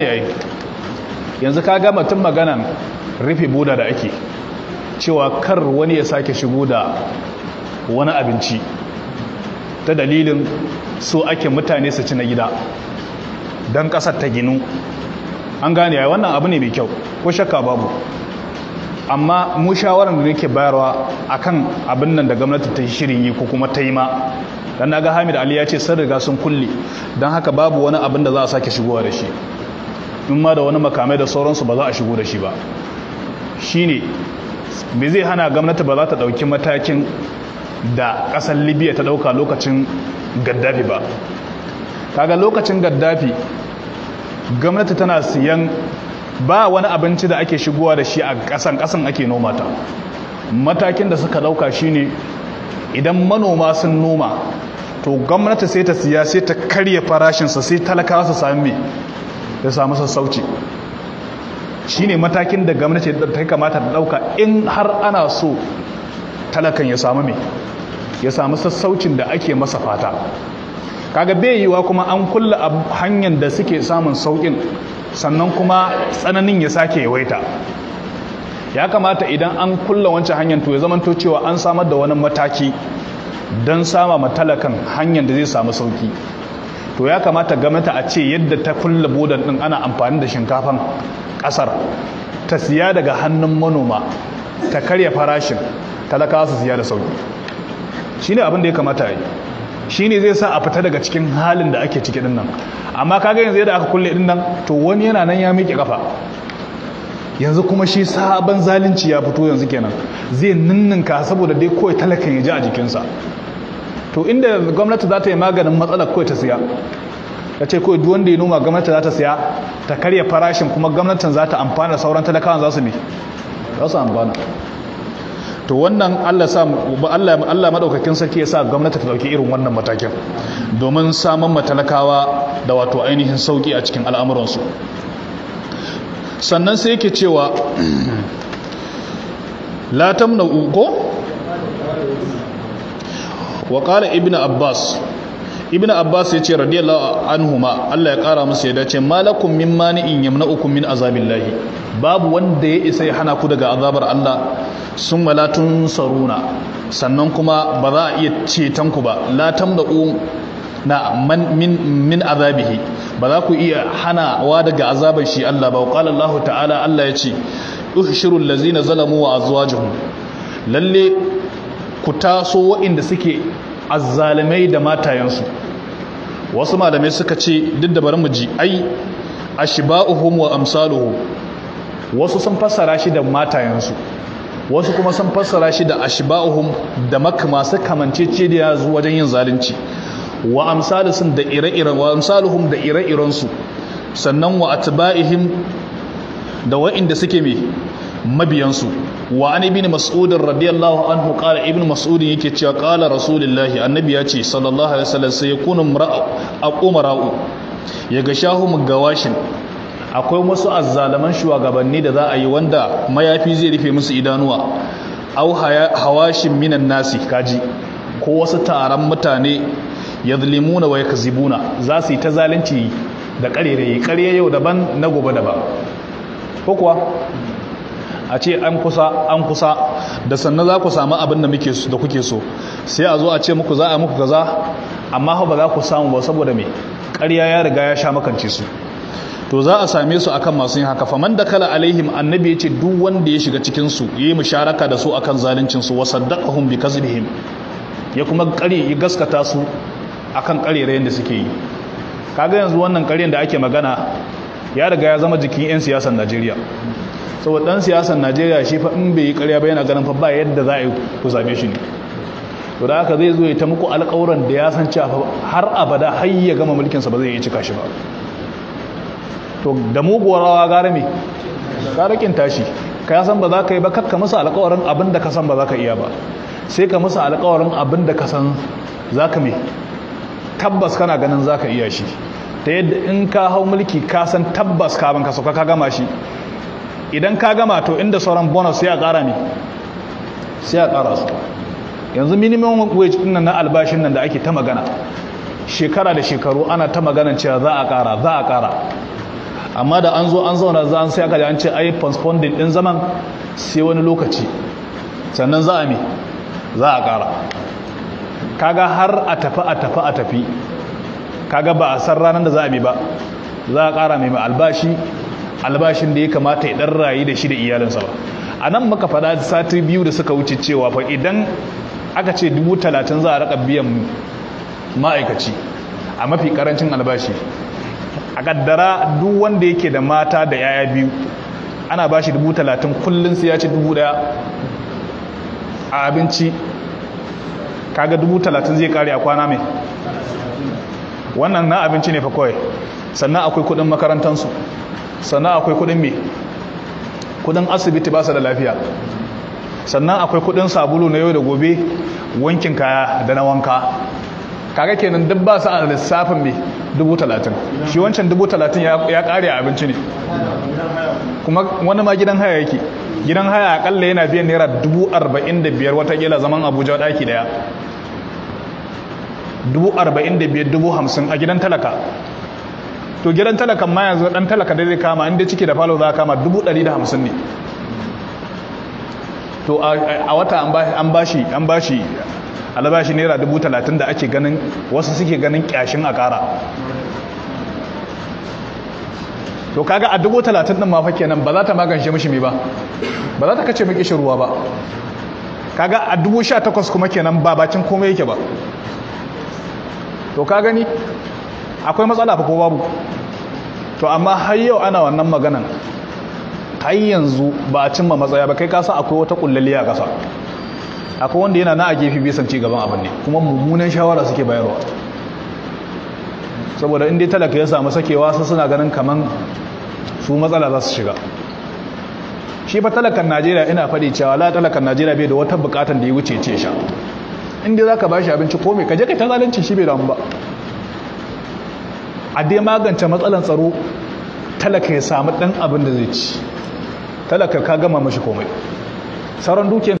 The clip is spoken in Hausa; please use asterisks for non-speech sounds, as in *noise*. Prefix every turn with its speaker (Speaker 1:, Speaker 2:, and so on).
Speaker 1: yayi yanzu ka gama tun maganan rufe buda da ake cewa kar wani ya sake shigo da wani abinci ta dalilin so ake mutane su ci na gida don ƙasar ta ginu an gane yayi wannan abu ne mai kyau ko shakka babu amma mu shawarar da nake bayarwa akan abin nan da gwamnati ta shirin yi ko kuma ta yi ma dan naga Hamid Ali ya ce sun riga sun kulle don haka babu wani abin da za a sake shigowa da shi in ma da wani makamai da sauransu ba za a shigo da shi ba shi ne bai zai hana gwamnati ba za ta ɗauki matakin da ƙasar libya ta ɗauka lokacin gaddafi ba kaga lokacin gaddafi gwamnati tana siyan ba wani abinci da ake shigowa da shi a ƙasan ƙasan ake noma ta matakin da suka ɗauka ne idan manoma sun noma to gwamnati sai ta siya sai ta karya farashinsa sai talakawa su sami ya samu sassauci shi ne matakin da gwamnati ta kamata da ɗauka in har ana so talakan ya samu mai ya samu sassaucin da ake masa fata kaga bai yiwa kuma an kulla hanyar da suke samun saukin sannan kuma tsananin ya sake yawaita ya kamata idan an kulla wancan hanyar to ya zama to cewa an samar da wani mataki don sama matalakan hanyar da zai samu sauki to ya kamata gamata a ce yadda ta kulle bodan din ana amfani da shinkafan kasar ta siya daga hannun manoma ta karya farashin talakawa su siya da sauki shine abin da ya kamata yi shine zai sa a fita daga cikin halin da ake ciki nan amma kaga yanzu yadda aka kulle nan to wani yana nan ya miƙe kafa yanzu kuma shi sabon zalunci ya fito yanzu kenan zai ninninka saboda dai kawai talakan ya ji a jikinsa to inda gwamnati za ta yi maganin matsalar kawai ta siya ta ce kawai duwanda ya noma gwamnati za ta siya ta karya farashin kuma gwamnatin za ta amfana sauran talakawan za su ne za su amfana to wannan Allah sa Allah Allah sarki ya sa gwamnati ta dauki irin wannan matakin domin samun matalakawa da wato ainihin sauƙi a cikin al'amuransu sannan sai yake cewa *clears throat* la na ko wa qala ibnu abbas ibnu abbas yace radiyallahu anhuma Allah ya kara musu yadda ce malakum min mani'in yamna'ukum min azabillahi babu wanda ya isa ya hana ku daga azabar Allah sun malatun saruna sannan kuma ba za a iya ceton ku ba la tamda'u na man min min azabihi ba za ku iya hanawa daga azabar shi Allah ba waƙala Allah ta'ala Allah yace uhshirul lazina zalamu wa azwajuhum lalle ku taso waɗanda suke azzalimai da matayensu wasu malamai suka ce duk da bari mu ji ai ashba'uhum wa amsaluhum wasu sun fassara shi da matayensu wasu kuma sun fassara shi da ashba'uhum da makama su ce da ya zuwa wajen yin zalunci wa amsalusun da ire-iren wa amsaluhum da ire-iren su sannan wa atba'ihim da wa'inda suke mai mabiyansu wa an ibn mas'ud radiyallahu anhu qala ibn mas'ud yake cewa qala rasulullahi annabi ya ce sallallahu alaihi wasallam sai yakunu mar'a aqumara'u ya ga shahum gawashin akwai wasu azzalaman shugabanni da za a yi wanda mayafi zai rufe musu idanuwa au hawashin minan nasi kaji ko wasu taron mutane yadlimuna wa yakzibuna za su yi ta zalunci da karerayi karya yau daban na gobe daban ko kuwa a ce an kusa an kusa da sannan za ku samu abin da kuke so sai a zo a ce muku za a muku kaza amma ba za ku samu ba saboda me ƙarya ya riga ya sha makance su to za a same su akan masu yin haka faman da kala alaihim annabi ya ce duk wanda ya shiga cikin su yayi musharaka da su akan zaluncin su wasaddaqahum bi kazibihim ya kuma kare ya gaskata su akan ƙarerayen da suke yi kaga yanzu wannan karyar da ake magana ya daga ya zama jikin 'yan siyasan najeriya saboda ɗan siyasar najeriya shi fa in bai yi karya ba yana ganin fa ba yadda za a yi ku same shi ne to da aka zai zo ya ta muku alƙawuran da ya san cewa har abada har ya gama mulkinsa ba zai iya cika shi ba to da muguwar rawa gara me garakin tashi ka ya san ba za ka yi ba kakka masa alƙawarin abin da ka san ba za ka iya ba sai ka masa alƙawarin abin da ka san za ka me tabbas kana ganin za ka iya shi ta yadda in ka hau mulki ka san tabbas kaban ka sauka ka gama shi idan ka gama to inda sauran bonus sai a ƙara ne sai a ƙara su yanzu minimum wage ɗin na albashin nan da ake ta magana shekara da shekaru ana ta magana cewa za a ƙara za a ƙara amma da an zo an zauna za an sai aka an ce ai postponing ɗin zaman sai wani lokaci sannan za a me za a ƙara kaga har a tafi a tafi a tafi kaga ba a san ranar da za a bi ba za a ƙara mai albashi albashin da ya kamata ya ɗan rayu da shi da iyalinsa ba a nan muka faɗa sati biyu da suka wuce cewa fa idan aka ce dubu talatin za a raka biyan ma'aikaci a mafi ƙarancin albashi a ƙaddara duk wanda yake da mata da yaya biyu ana ba shi dubu talatin kullum sai ya ci dubu ɗaya a abinci kaga dubu talatin zai kare a kwana mai wannan na abinci ne fa kawai sannan akwai kudin makarantansu sannan akwai kudin me kudin asibiti ba su da lafiya sannan akwai kudin sabulu na yau da gobe wankin kaya da na wanka kaga kenan duk ba su a lissafin me dubu talatin shi wancan dubu talatin ya kare abinci ne kuma wani ma gidan haya yake gidan haya akalla yana biyan naira dubu arba'in da biyar watakila zaman abuja daki daya dubu arba'in da biyar dubu hamsin a gidan talaka to gidan talakan ma yanzu dan talaka da zai kama inda ciki da falo za kama dubu da hamsin ne to a wata an bashi an bashi albashi naira dubu talatin da ake ganin wasu suke ganin kyashin a ƙara to kaga a dubu talatin din mafake kenan ba za ta magance mashi mai ba ba za ta kace miki ruwa ba kaga a dubu sha takwas kuma kenan ba bacin komai yake ba to ka gani akwai matsala fa ko babu to amma har yau ana wannan maganan har yanzu ba a cimma matsaya ba kai kasa akwai wata kullaliya kasa akwai wanda yana na a gefe bisan ci gaban abin ne kuma mummunan shawara suke bayarwa saboda dai talaka ya samu sakewa sai suna ganin kaman su matsala za su shiga shi fa talakan najeriya ina faɗi cewa la talakan najeriya bai da wata bukatan da ya wuce ce sha inda za ka ba shi abinci ko mai kaje kai ta zalunci shi bai damu ba a dai magance matsalan tsaro talaka ya samu ɗan abin da zai ci talaka ka gama mashi komai sauran duke